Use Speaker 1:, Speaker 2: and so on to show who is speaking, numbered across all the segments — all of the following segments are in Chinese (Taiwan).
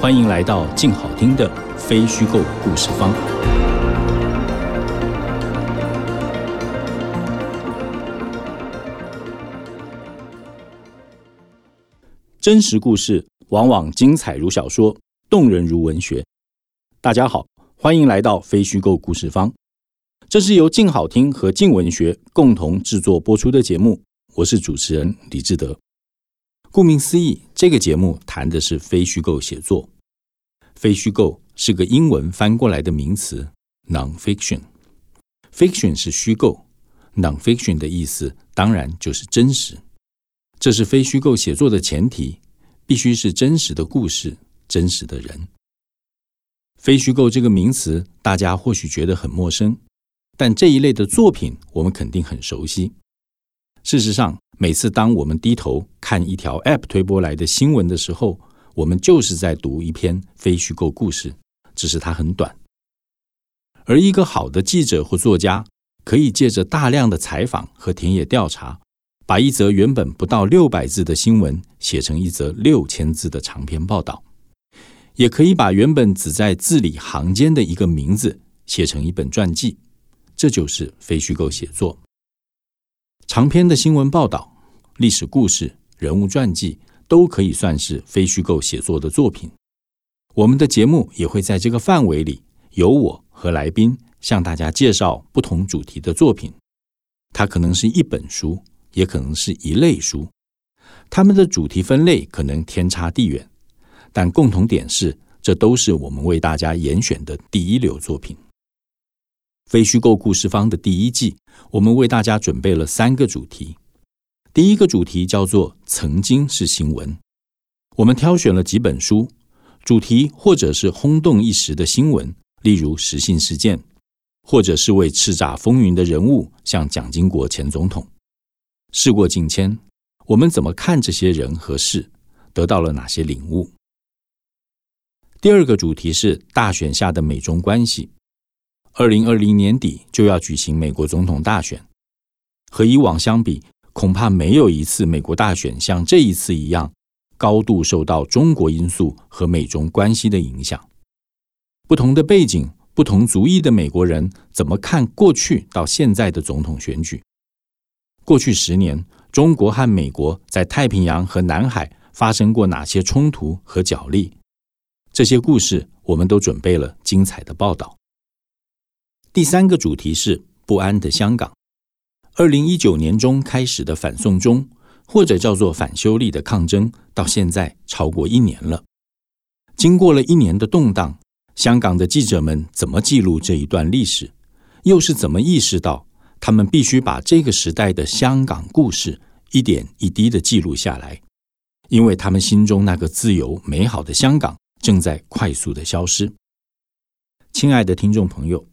Speaker 1: 歡迎來到鏡好聽的非虛構故事坊。真實故事往往精彩如小說，動人如文學。大家好，歡迎來到非虛構故事坊。這是由鏡好聽和鏡文學共同制作播出的節目，我是主持人李志德。顧名思義。這個節目談的是非虛構寫作。非虛構是個英文翻過來的名詞，non-fiction。fiction 是虛構，non-fiction 的意思當然就是真實。這是非虛構寫作的前提，必須是真實的故事、真實的人。非虛構這個名詞，大家或許覺得很陌生，但這一類的作品，我們肯定很熟悉。事實上。每次當我們低頭看一條 App 推播來的新聞的時候，我們就是在讀一篇非虛構故事，只是它很短。而一個好的記者或作家，可以借着大量的採訪和田野調查，把一則原本不到六百字的新聞寫成一則六千字的長篇報道，也可以把原本只在字裡行間的一個名字寫成一本傳記。這就是非虛構寫作。長篇的新聞報道、歷史故事、人物傳記都可以算是非虛構寫作的作品。我們的節目也會在這個範圍裡，由我和來賓向大家介紹不同主題的作品。它可能是一本書，也可能是一類書。它們的主題分類可能天差地遠，但共同點是，這都是我們為大家嚴選的第一流作品。非虛構故事坊的第一季，我們為大家準備了三個主題。第一個主題叫做“曾經是新聞”，我們挑選了幾本書主題，或者是轟動一時的新聞，例如十信事件，或者是為叱吒風雲的人物，像蔣經國前總統。事過境遷，我們怎麼看這些人和事？得到了哪些領悟？第二個主題是大選下的美中關係。二零二零年底就要舉行美國總統大選，和以往相比，恐怕沒有一次美國大選像這一次一樣，高度受到中國因素和美中關係的影響。不同的背景、不同族裔的美國人怎麼看過去到現在的總統選舉？過去十年，中國和美國在太平洋和南海發生過哪些衝突和角力？這些故事，我們都準備了精彩的報道。第三個主題是不安的香港。二零一九年中開始的反送中，或者叫做反修例的抗爭，到現在超過一年了。經過了一年的動盪，香港的記者們怎麼記錄這一段歷史？又是怎麼意識到他們必須把這個時代的香港故事一點一滴的記錄下來？因為他們心中那個自由美好的香港正在快速的消失。親愛的聽眾朋友。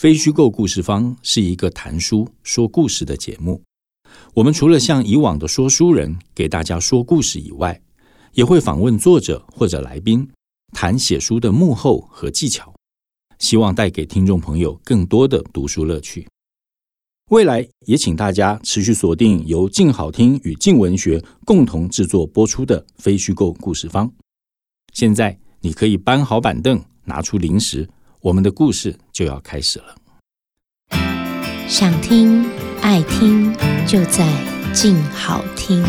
Speaker 1: 非虛構故事坊是一個談書、說故事的節目。我們除了像以往的說書人給大家說故事以外，也會訪問作者或者來賓，談寫書的幕後和技巧，希望帶給聽眾朋友更多的讀書樂趣。未來也請大家持續鎖定由鏡好聽與鏡文學共同制作播出的非虛構故事坊。現在你可以搬好板凳，拿出零食。我們的故事就要開始了。想聽、愛聽，就在靜好聽。